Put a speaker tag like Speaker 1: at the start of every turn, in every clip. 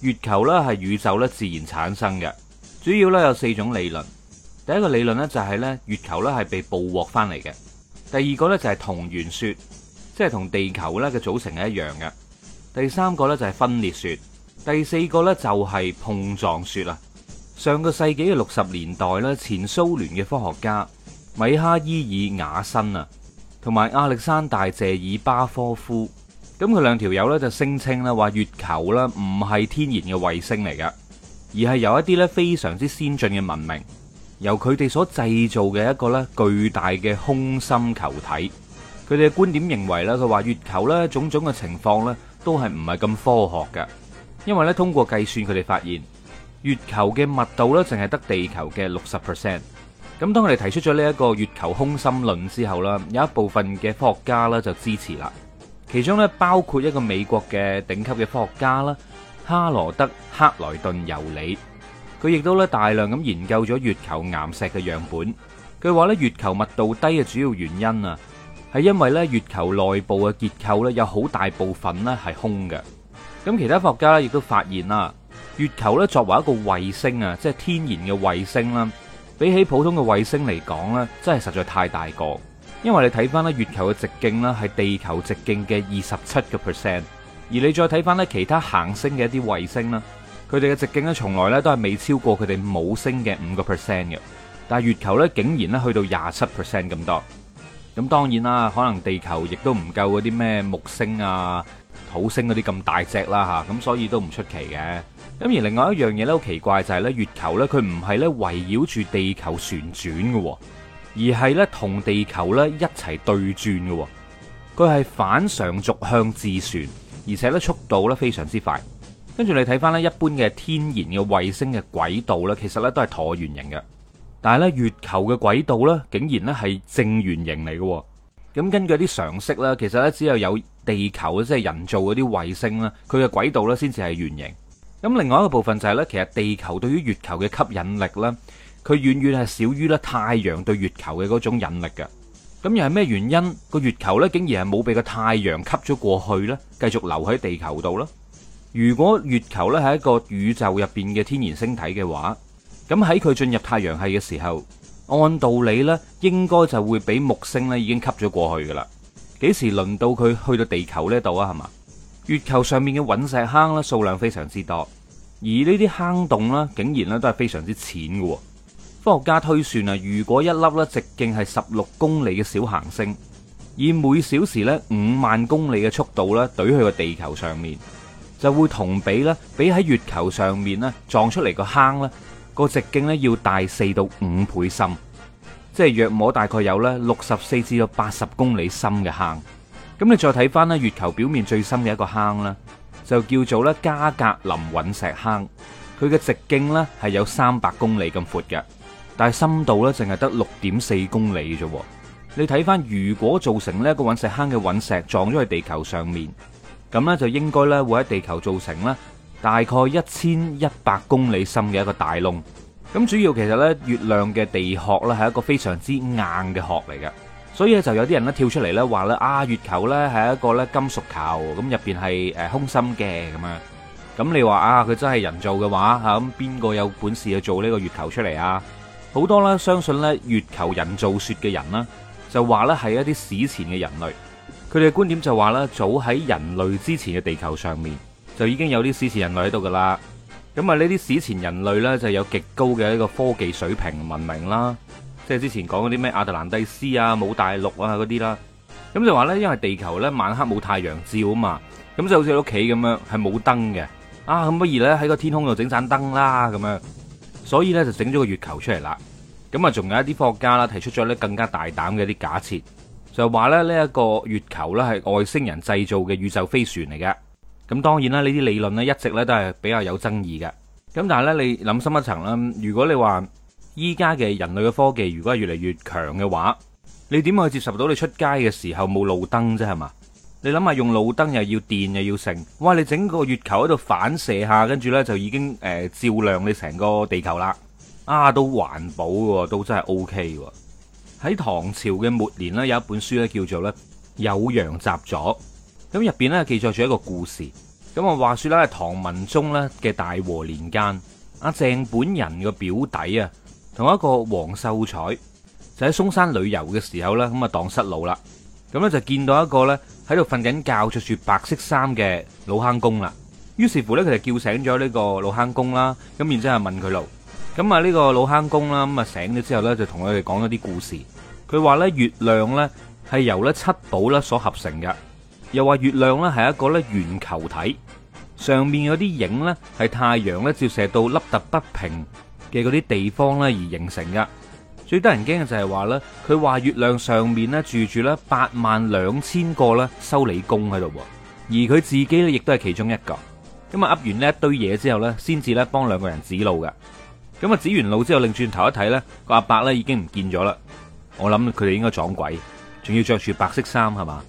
Speaker 1: 月球咧係宇宙咧自然產生嘅，主要咧有四種理論。第一個理論咧就係咧月球咧係被捕獲翻嚟嘅。第二個咧就係同源說，即係同地球咧嘅組成係一樣嘅。第三個咧就係分裂說。第四個咧就係碰撞說啊。上個世紀嘅六十年代咧，前蘇聯嘅科學家米哈伊爾瓦辛啊，同埋亞歷山大謝爾巴科夫。咁佢兩條友呢，就聲稱啦話月球呢唔係天然嘅衛星嚟噶，而係有一啲呢非常之先進嘅文明由佢哋所製造嘅一個呢巨大嘅空心球體。佢哋嘅觀點認為呢佢話月球呢種種嘅情況呢都係唔係咁科學㗎，因為呢通過計算佢哋發現月球嘅密度呢淨係得地球嘅六十 percent。咁當佢哋提出咗呢一個月球空心論之後呢有一部分嘅科學家呢就支持啦。其中咧，包括一個美國嘅頂級嘅科學家啦，哈羅德·克萊頓·尤里，佢亦都咧大量咁研究咗月球岩石嘅樣本。佢話咧月球密度低嘅主要原因啊，係因為咧月球內部嘅結構咧有好大部分咧係空嘅。咁其他科學家咧亦都發現啦，月球咧作為一個衛星啊，即係天然嘅衛星啦，比起普通嘅衛星嚟講咧，真係實在太大個。因為你睇翻咧月球嘅直徑呢係地球直徑嘅二十七個 percent，而你再睇翻呢其他行星嘅一啲衛星啦，佢哋嘅直徑呢從來呢都係未超過佢哋母星嘅五個 percent 嘅，但係月球呢竟然呢去到廿七 percent 咁多，咁當然啦，可能地球亦都唔夠嗰啲咩木星啊土星嗰啲咁大隻啦吓，咁所以都唔出奇嘅。咁而另外一樣嘢呢，好奇怪就係呢月球呢，佢唔係呢圍繞住地球旋轉嘅。而係咧同地球咧一齊對轉嘅，佢係反常軸向自旋，而且咧速度咧非常之快。跟住你睇翻咧一般嘅天然嘅衛星嘅軌道咧，其實咧都係橢圓形嘅，但係咧月球嘅軌道咧竟然咧係正圓形嚟嘅。咁根據啲常識咧，其實咧只有有地球，即係人造嗰啲衛星啦，佢嘅軌道咧先至係圓形。咁另外一個部分就係咧，其實地球對於月球嘅吸引力咧。佢遠遠係少於咧太陽對月球嘅嗰種引力嘅。咁又係咩原因？個月球咧，竟然係冇俾個太陽吸咗過去咧，繼續留喺地球度啦？如果月球咧係一個宇宙入邊嘅天然星體嘅話，咁喺佢進入太陽系嘅時候，按道理咧應該就會俾木星咧已經吸咗過去噶啦。幾時輪到佢去到地球呢度啊，係嘛？月球上面嘅隕石坑咧數量非常之多，而呢啲坑洞咧竟然咧都係非常之淺嘅。科學家推算啊，如果一粒咧直徑係十六公里嘅小行星，以每小時咧五萬公里嘅速度咧懟去個地球上面，就會同比咧比喺月球上面咧撞出嚟個坑咧個直徑咧要大四到五倍深，即係約摸大概有咧六十四至到八十公里深嘅坑。咁你再睇翻咧月球表面最深嘅一個坑啦，就叫做咧加格林隕石坑，佢嘅直徑咧係有三百公里咁闊嘅。但係深度咧，淨係得六點四公里啫。你睇翻，如果造成呢一個隕石坑嘅隕石撞咗喺地球上面，咁呢，就應該咧會喺地球造成呢大概一千一百公里深嘅一個大窿。咁主要其實呢，月亮嘅地殼呢係一個非常之硬嘅殼嚟嘅，所以咧就有啲人咧跳出嚟咧話咧啊，月球呢係一個呢金屬球，咁入邊係誒空心嘅咁樣。咁你話啊，佢真係人造嘅話，咁邊個有本事去做呢個月球出嚟啊？好多啦，相信咧月球人造說嘅人啦，就話咧係一啲史前嘅人類。佢哋嘅觀點就話咧，早喺人類之前嘅地球上面就已經有啲史前人類喺度噶啦。咁啊，呢啲史前人類咧就有極高嘅一個科技水平文明啦。即係之前講嗰啲咩亞特蘭蒂斯啊、姆大陸啊嗰啲啦。咁就話咧，因為地球咧晚黑冇太陽照啊嘛，咁就好似屋企咁樣係冇燈嘅啊，咁不如咧喺個天空度整盞燈啦咁樣。所以咧就整咗個月球出嚟啦，咁啊仲有一啲科學家啦提出咗咧更加大膽嘅一啲假設，就係話咧呢一個月球呢係外星人製造嘅宇宙飛船嚟嘅，咁當然啦呢啲理論呢一直呢都係比較有爭議嘅，咁但係呢，你諗深一層啦，如果你話依家嘅人類嘅科技如果係越嚟越強嘅話，你點可以接受到你出街嘅時候冇路燈啫係嘛？你諗下用路燈又要電又要剩，哇！你整個月球喺度反射下，跟住呢就已經誒、呃、照亮你成個地球啦。啊，都環保喎，都真係 O K 喎。喺唐朝嘅末年呢，有一本書呢叫做《酉陽雜俎》，咁入邊呢記載住一個故事。咁啊，話說咧，唐文宗呢嘅大和年間，阿鄭本人嘅表弟啊，同一個黃秀才就喺嵩山旅遊嘅時候呢，咁啊盪失路啦。咁咧就見到一個咧喺度瞓緊覺着住白色衫嘅老坑公啦。於是乎咧，佢就叫醒咗呢個老坑公啦。咁然之後問佢路。咁啊呢個老坑公啦，咁啊醒咗之後咧，就同佢哋講咗啲故事。佢話咧月亮咧係由咧七寶咧所合成嘅。又話月亮咧係一個咧圓球體，上面嗰啲影咧係太陽咧照射到凹凸不平嘅嗰啲地方咧而形成嘅。最得人驚嘅就係話呢佢話月亮上面咧住住咧八萬兩千個咧修理工喺度喎，而佢自己咧亦都係其中一個。咁啊噏完呢一堆嘢之後呢先至咧幫兩個人指路㗎。咁啊指完路之後，擰轉頭一睇呢個阿伯呢已經唔見咗啦。我諗佢哋應該撞鬼，仲要着住白色衫係嘛？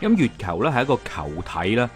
Speaker 1: 咁月球呢係一個球體啦，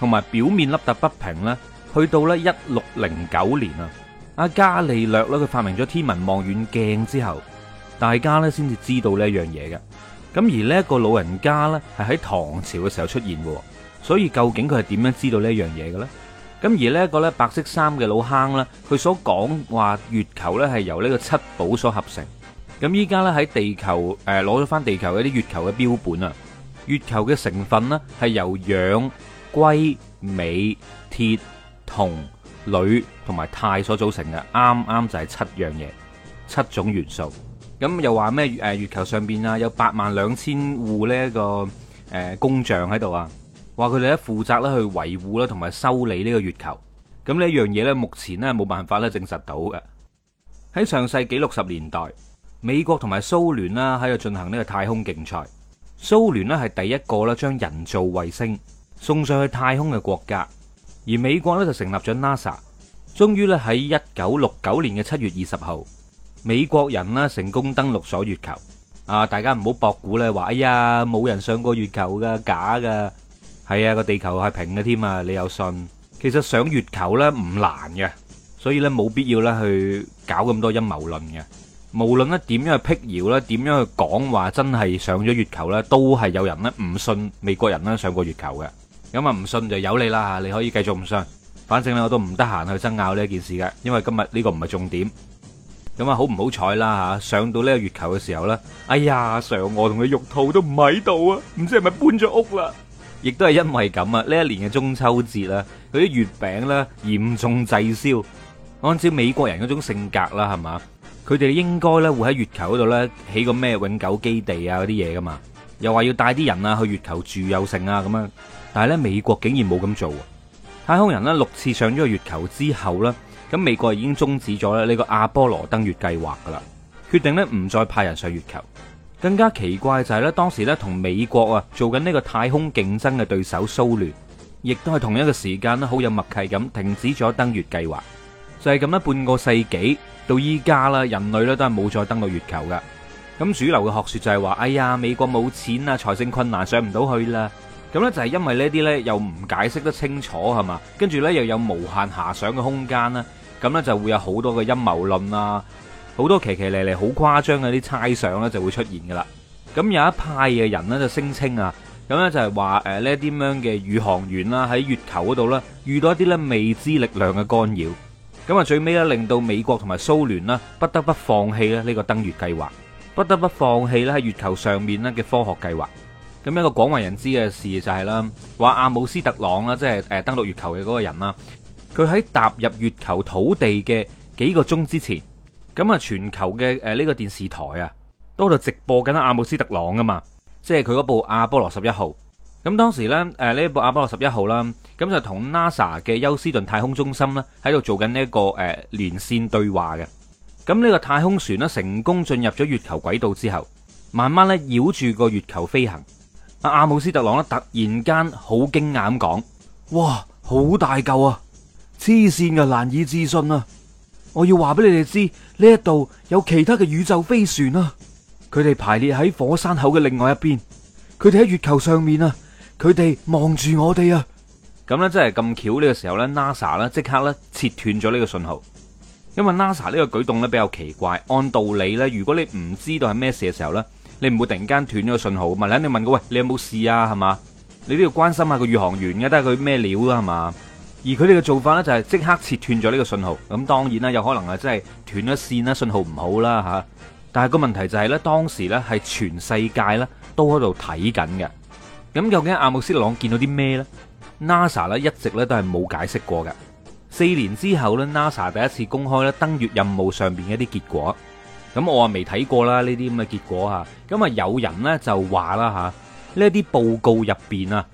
Speaker 1: 同埋表面凹凸不平啦。去到呢一六零九年啊。阿伽利略咧，佢發明咗天文望遠鏡之後，大家咧先至知道呢一樣嘢嘅。咁而呢一個老人家咧，係喺唐朝嘅時候出現嘅，所以究竟佢係點樣知道呢一樣嘢嘅咧？咁而呢一個咧白色衫嘅老坑咧，佢所講話月球咧係由呢個七寶所合成。咁依家咧喺地球誒攞咗翻地球嘅一啲月球嘅標本啊，月球嘅成分咧係由氧、硅、鎂、鐵、銅。鋁同埋鈦所組成嘅，啱啱就係七樣嘢，七種元素。咁又話咩？誒，月球上邊啊，有八萬兩千戶呢、這個誒、呃、工匠喺度啊，話佢哋咧負責咧去維護啦，同埋修理呢個月球。咁呢樣嘢呢，目前呢冇辦法咧證實到嘅。喺上世紀六十年代，美國同埋蘇聯啦喺度進行呢個太空競賽。蘇聯呢係第一個咧將人造衛星送上去太空嘅國家。而美國咧就成立咗 NASA，終於咧喺一九六九年嘅七月二十號，美國人啦成功登陸咗月球。啊，大家唔好博估啦，話哎呀冇人上過月球㗎，假㗎，係啊個地球係平嘅添啊，你又信？其實上月球咧唔難嘅，所以咧冇必要咧去搞咁多陰謀論嘅。無論咧點樣去辟謠咧，點樣去講話真係上咗月球咧，都係有人咧唔信美國人咧上過月球嘅。咁啊，唔信就由你啦吓，你可以繼續唔信，反正咧我都唔得閒去爭拗呢一件事嘅，因為今日呢個唔係重點。咁啊，好唔好彩啦吓！上到呢個月球嘅時候咧，哎呀，嫦娥同佢玉兔都唔喺度啊，唔知係咪搬咗屋啦？亦都係因為咁啊，呢一年嘅中秋節啊，嗰啲月餅咧嚴重滯銷。按照美國人嗰種性格啦，係嘛，佢哋應該咧會喺月球嗰度咧起個咩永久基地啊嗰啲嘢噶嘛，又話要帶啲人啊去月球住又成啊咁樣。但係咧，美國竟然冇咁做啊。太空人呢，六次上咗月球之後呢，咁美國已經終止咗咧呢個阿波羅登月計劃噶啦，決定呢唔再派人上月球。更加奇怪就係咧，當時咧同美國啊做緊呢個太空競爭嘅對手蘇聯，亦都係同一個時間呢，好有默契咁停止咗登月計劃。就係咁啦，半個世紀到依家啦，人類咧都係冇再登到月球噶。咁主流嘅學說就係話，哎呀，美國冇錢啊，財政困難，上唔到去啦。咁咧就係因為呢啲呢，又唔解釋得清楚係嘛，跟住呢，又有無限遐想嘅空間啦，咁呢就會有好多嘅陰謀論啊，好多奇奇離離好誇張嘅啲猜想呢就會出現噶啦。咁有一派嘅人呢，就聲稱啊，咁呢就係話誒呢啲咁樣嘅宇航員啦喺月球嗰度呢，遇到一啲呢未知力量嘅干擾，咁啊最尾呢，令到美國同埋蘇聯呢不得不放棄呢呢個登月計劃，不得不放棄呢喺月球上面呢嘅科學計劃。咁一個廣為人知嘅事就係啦，話阿姆斯特朗啦，即係誒登陸月球嘅嗰個人啦。佢喺踏入月球土地嘅幾個鐘之前，咁啊，全球嘅呢個電視台啊，都度直播緊阿姆斯特朗㗎嘛，即係佢嗰部阿波羅十一號。咁當時咧，誒呢部阿波羅十一號啦，咁就同 NASA 嘅休斯頓太空中心啦，喺度做緊呢一個誒連線對話嘅。咁呢個太空船咧成功進入咗月球軌道之後，慢慢咧繞住個月球飛行。阿姆斯特朗咧，突然間好驚訝咁講：哇，好大嚿啊！黐線啊，難以置信啊！我要話俾你哋知，呢一度有其他嘅宇宙飛船啊！佢哋排列喺火山口嘅另外一邊，佢哋喺月球上面啊！佢哋望住我哋啊！咁咧，真係咁巧。呢個時候咧，NASA 咧即刻咧切斷咗呢個信號，因為 NASA 呢個舉動咧比較奇怪。按道理咧，如果你唔知道係咩事嘅時候咧。你唔會突然間斷咗個信號嘛？你肯定問佢，喂，你有冇事啊？係嘛？你都要關心下個宇航員嘅，都係佢咩料呀？係嘛？而佢哋嘅做法呢，就係即刻切斷咗呢個信號。咁當然啦，有可能係真係斷咗線啦，信號唔好啦吓、啊。但係個問題就係、是、呢，當時呢係全世界呢都喺度睇緊嘅。咁究竟阿姆斯朗見到啲咩呢？NASA 呢一直呢都係冇解釋過嘅。四年之後呢，NASA 第一次公開呢登月任務上邊嘅一啲結果。咁我啊未睇過啦呢啲咁嘅結果吓，咁啊有人呢就話啦吓，呢啲報告入邊啊，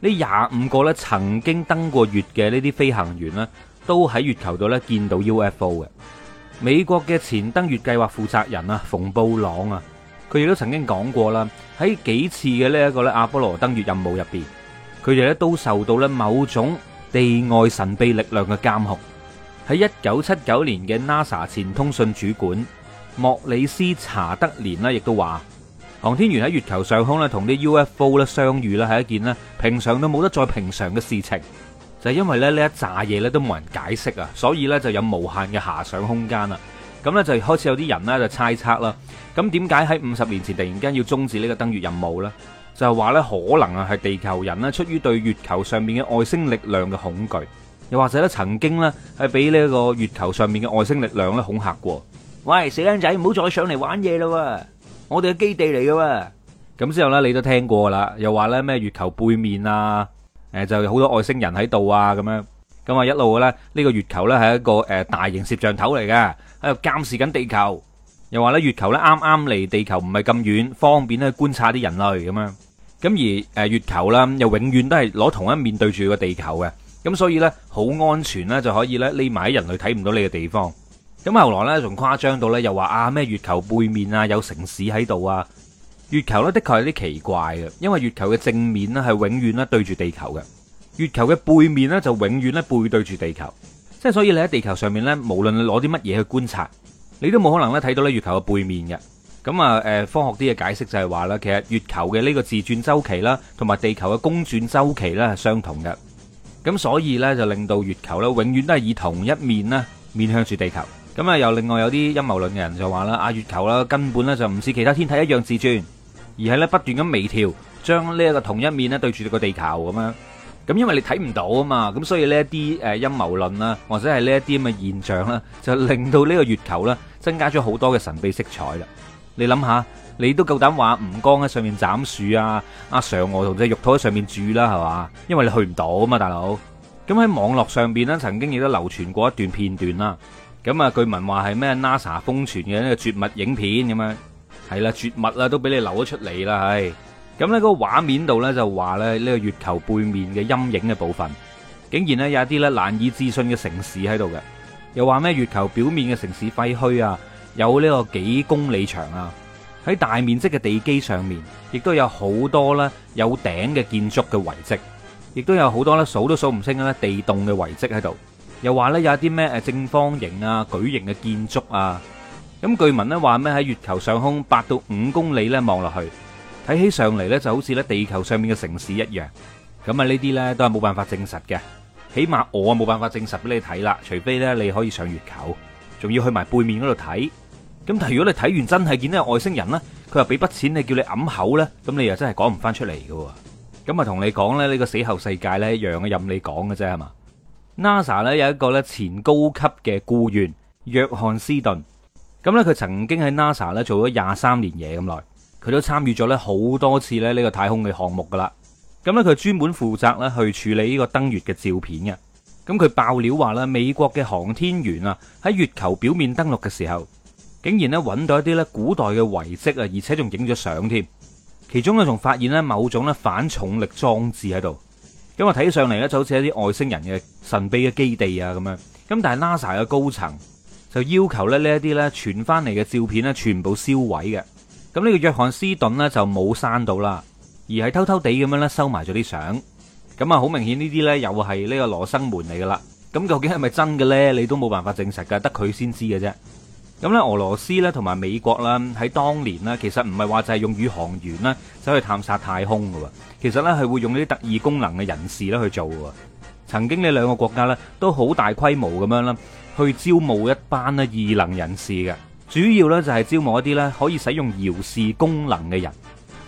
Speaker 1: 呢廿五個呢曾經登過月嘅呢啲飛行員呢都喺月球度呢見到 UFO 嘅。美國嘅前登月計劃負責人啊，馮布朗啊，佢亦都曾經講過啦，喺幾次嘅呢一個阿波羅登月任務入邊，佢哋呢都受到呢某種地外神秘力量嘅監控。喺一九七九年嘅 NASA 前通訊主管，莫里斯查德年亦都話航天員喺月球上空咧，同啲 UFO 咧相遇咧，係一件平常都冇得再平常嘅事情。就係因為咧呢一紮嘢，咧都冇人解釋啊，所以咧就有無限嘅遐想空間啦。咁咧就開始有啲人咧就猜測啦。咁點解喺五十年前突然間要終止呢個登月任務呢？就係話咧可能啊係地球人出於對月球上面嘅外星力量嘅恐懼，又或者咧曾經咧係俾呢個月球上面嘅外星力量咧恐嚇過。喂，死靚仔，唔好再上嚟玩嘢啦！我哋嘅基地嚟噶。咁之後咧，你都聽過啦，又話咧咩月球背面啊，誒，就有好多外星人喺度啊，咁樣。咁啊，一路咧呢個月球咧係一個誒大型攝像頭嚟嘅，喺度監視緊地球。又話咧月球咧啱啱離地球，唔係咁遠，方便咧觀察啲人類咁樣。咁而誒月球啦，又永遠都係攞同一面對住個地球嘅，咁所以咧好安全啦，就可以咧匿埋喺人類睇唔到你嘅地方。咁後來呢仲誇張到呢，又話啊咩月球背面啊有城市喺度啊！月球呢，的確係啲奇怪嘅，因為月球嘅正面呢，係永遠呢對住地球嘅，月球嘅背面呢，就永遠呢背對住地球，即係所以你喺地球上面呢，無論你攞啲乜嘢去觀察，你都冇可能咧睇到呢月球嘅背面嘅。咁啊誒，科學啲嘅解釋就係話啦，其實月球嘅呢個自轉周期啦，同埋地球嘅公轉周期呢，係相同嘅，咁所以呢，就令到月球呢，永遠都係以同一面呢，面向住地球。咁啊，又另外有啲陰謀論嘅人就話啦，啊月球啦根本咧就唔似其他天體一樣自轉，而係咧不斷咁微調，將呢一個同一面咧對住個地球咁樣。咁因為你睇唔到啊嘛，咁所以呢一啲誒陰謀論啦，或者係呢一啲咁嘅現象啦，就令到呢個月球咧增加咗好多嘅神秘色彩啦。你諗下，你都夠膽話吳剛喺上面斬樹啊，阿嫦娥同隻玉兔喺上面住啦，係嘛？因為你去唔到啊嘛，大佬。咁喺網絡上面呢曾經亦都流傳過一段片段啦。咁啊，據聞話係咩 NASA 封存嘅呢個絕密影片咁樣，係啦，絕密啦，都俾你留咗出嚟啦，唉！咁呢個畫面度呢就話咧呢個月球背面嘅陰影嘅部分，竟然呢有一啲咧難以置信嘅城市喺度嘅，又話咩月球表面嘅城市廢墟啊，有呢個幾公里長啊，喺大面積嘅地基上面，亦都有好多咧有頂嘅建築嘅遺跡，亦都有好多咧數都數唔清嘅咧地洞嘅遺跡喺度。又話咧有一啲咩誒正方形啊矩形嘅建築啊，咁據聞咧話咩喺月球上空八到五公里咧望落去，睇起上嚟咧就好似咧地球上面嘅城市一樣，咁啊呢啲咧都係冇辦法證實嘅，起碼我冇辦法證實俾你睇啦，除非咧你可以上月球，仲要去埋背面嗰度睇，咁但係如果你睇完真係見到外星人咧，佢又俾筆錢你叫你揞口咧，咁你又真係講唔翻出嚟噶，咁啊同你講咧呢個死後世界咧，一樣嘅任你講嘅啫，係嘛？NASA 咧有一個咧前高級嘅僱員約翰斯頓，咁咧佢曾經喺 NASA 咧做咗廿三年嘢咁耐，佢都參與咗咧好多次咧呢個太空嘅項目㗎喇。咁咧佢專門負責咧去處理呢個登月嘅照片㗎。咁佢爆料話咧，美國嘅航天員啊喺月球表面登陸嘅時候，竟然咧揾到一啲咧古代嘅遺跡啊，而且仲影咗相添。其中咧仲發現咧某種咧反重力裝置喺度。咁啊，睇上嚟咧就好似一啲外星人嘅神秘嘅基地啊咁樣。咁但係 NASA 嘅高層就要求咧呢一啲呢傳翻嚟嘅照片呢全部銷毀嘅。咁呢個約翰斯頓呢就冇刪到啦，而係偷偷地咁樣呢收埋咗啲相。咁啊，好明顯呢啲呢又係呢個羅生門嚟噶啦。咁究竟係咪真嘅呢？你都冇辦法證實噶，得佢先知嘅啫。咁咧，俄羅斯咧同埋美國啦，喺當年咧，其實唔係話就係用宇航員啦走去探索太空㗎喎，其實咧係會用呢啲特異功能嘅人士咧去做嘅喎。曾經呢兩個國家咧都好大規模咁樣啦，去招募一班咧異能人士嘅，主要咧就係招募一啲咧可以使用遙視功能嘅人，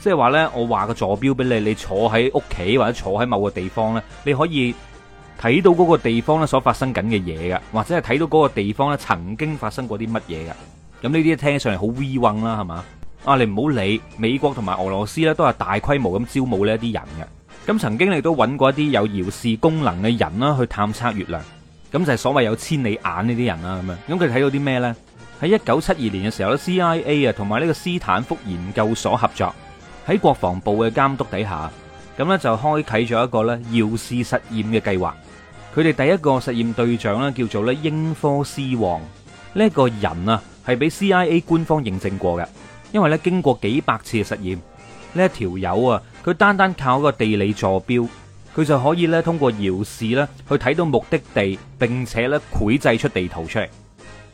Speaker 1: 即係話咧，我話個座標俾你，你坐喺屋企或者坐喺某個地方咧，你可以，睇到嗰個地方咧所發生緊嘅嘢噶，或者係睇到嗰個地方咧曾經發生過啲乜嘢噶。咁呢啲聽上嚟好 weird 啦，係嘛？啊，你唔好理。美國同埋俄羅斯咧都係大規模咁招募呢一啲人嘅。咁曾經你都揾過一啲有遙視功能嘅人啦去探測月亮。咁就係所謂有千里眼呢啲人啦咁樣。咁佢睇到啲咩呢？喺一九七二年嘅時候咧，CIA 啊同埋呢個斯坦福研究所合作喺國防部嘅監督底下，咁呢就開啟咗一個咧遙視實驗嘅計劃。佢哋第一個實驗對象咧叫做咧英科斯王呢一個人啊，係俾 CIA 官方認證過嘅，因為咧經過幾百次嘅實驗，呢一條友啊，佢單單靠一個地理坐標，佢就可以咧通過遙視咧去睇到目的地，並且咧繪製出地圖出嚟。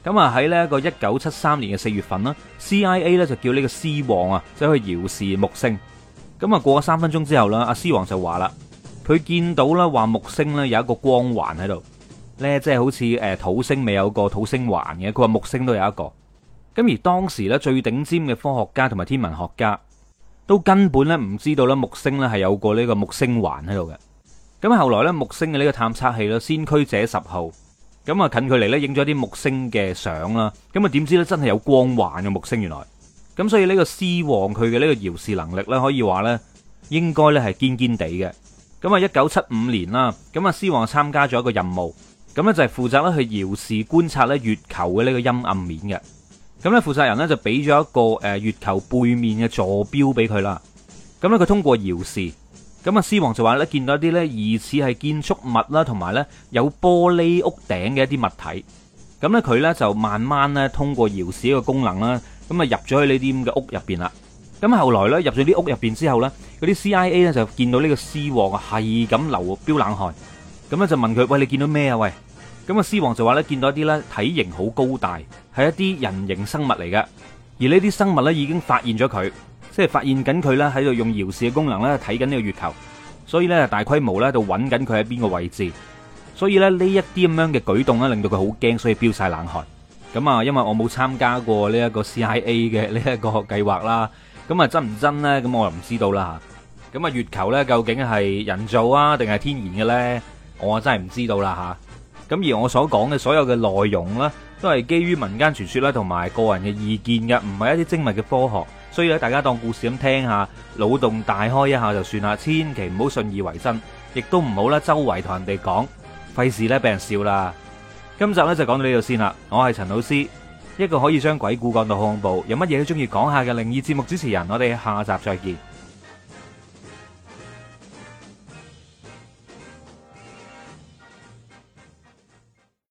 Speaker 1: 咁啊喺呢個一九七三年嘅四月份啦，CIA 咧就叫呢個斯王啊，走去遙視木星。咁啊過咗三分鐘之後啦，阿斯王就話啦。佢見到啦，話木星咧有一個光環喺度，咧即係好似土星未有個土星環嘅。佢話木星都有一個。咁而當時咧最頂尖嘅科學家同埋天文學家都根本咧唔知道咧木星咧係有個呢個木星環喺度嘅。咁後來咧木星嘅呢個探測器先驅者十號，咁啊近距離咧影咗啲木星嘅相啦。咁啊點知咧真係有光環嘅木星原來。咁所以呢個獅王佢嘅呢個遙視能力咧可以話咧應該咧係堅堅地嘅。咁啊，一九七五年啦，咁啊，斯旺參加咗一個任務，咁咧就係、是、負責咧去遙視觀察咧月球嘅呢個陰暗面嘅。咁咧負責人咧就俾咗一個誒月球背面嘅坐標俾佢啦。咁咧佢通過遙視，咁啊斯旺就話咧見到一啲咧疑似係建築物啦，同埋咧有玻璃屋頂嘅一啲物體。咁咧佢咧就慢慢咧通過遙視呢個功能啦，咁啊入咗去呢啲咁嘅屋入邊啦。咁後來咧入咗啲屋入邊之後咧，嗰啲 CIA 咧就見到呢個獅王係咁流飆冷汗，咁咧就問佢，喂，你見到咩啊？喂，咁啊，獅王就話咧見到一啲咧體型好高大，係一啲人形生物嚟嘅。而呢啲生物咧已經發現咗佢，即係發現緊佢咧喺度用遙視嘅功能咧睇緊呢個月球，所以咧大規模咧就揾緊佢喺邊個位置。所以咧呢一啲咁樣嘅舉動咧令到佢好驚，所以飆晒冷汗。咁啊，因為我冇參加過呢一個 CIA 嘅呢一個計劃啦。咁啊真唔真呢？咁我又唔知道啦吓。咁啊月球呢，究竟係人造啊定係天然嘅呢？我真係唔知道啦吓。咁而我所講嘅所有嘅內容呢，都係基於民間傳說啦同埋個人嘅意見嘅，唔係一啲精密嘅科學。所以咧，大家當故事咁聽下，腦洞大開一下就算啦，千祈唔好信以為真，亦都唔好啦周圍同人哋講，費事咧俾人笑啦。今集呢，就講到呢度先啦，我係陳老師。一個可以將鬼故講到恐怖，有乜嘢都鍾意講下嘅靈異節目主持人，我哋下集再見。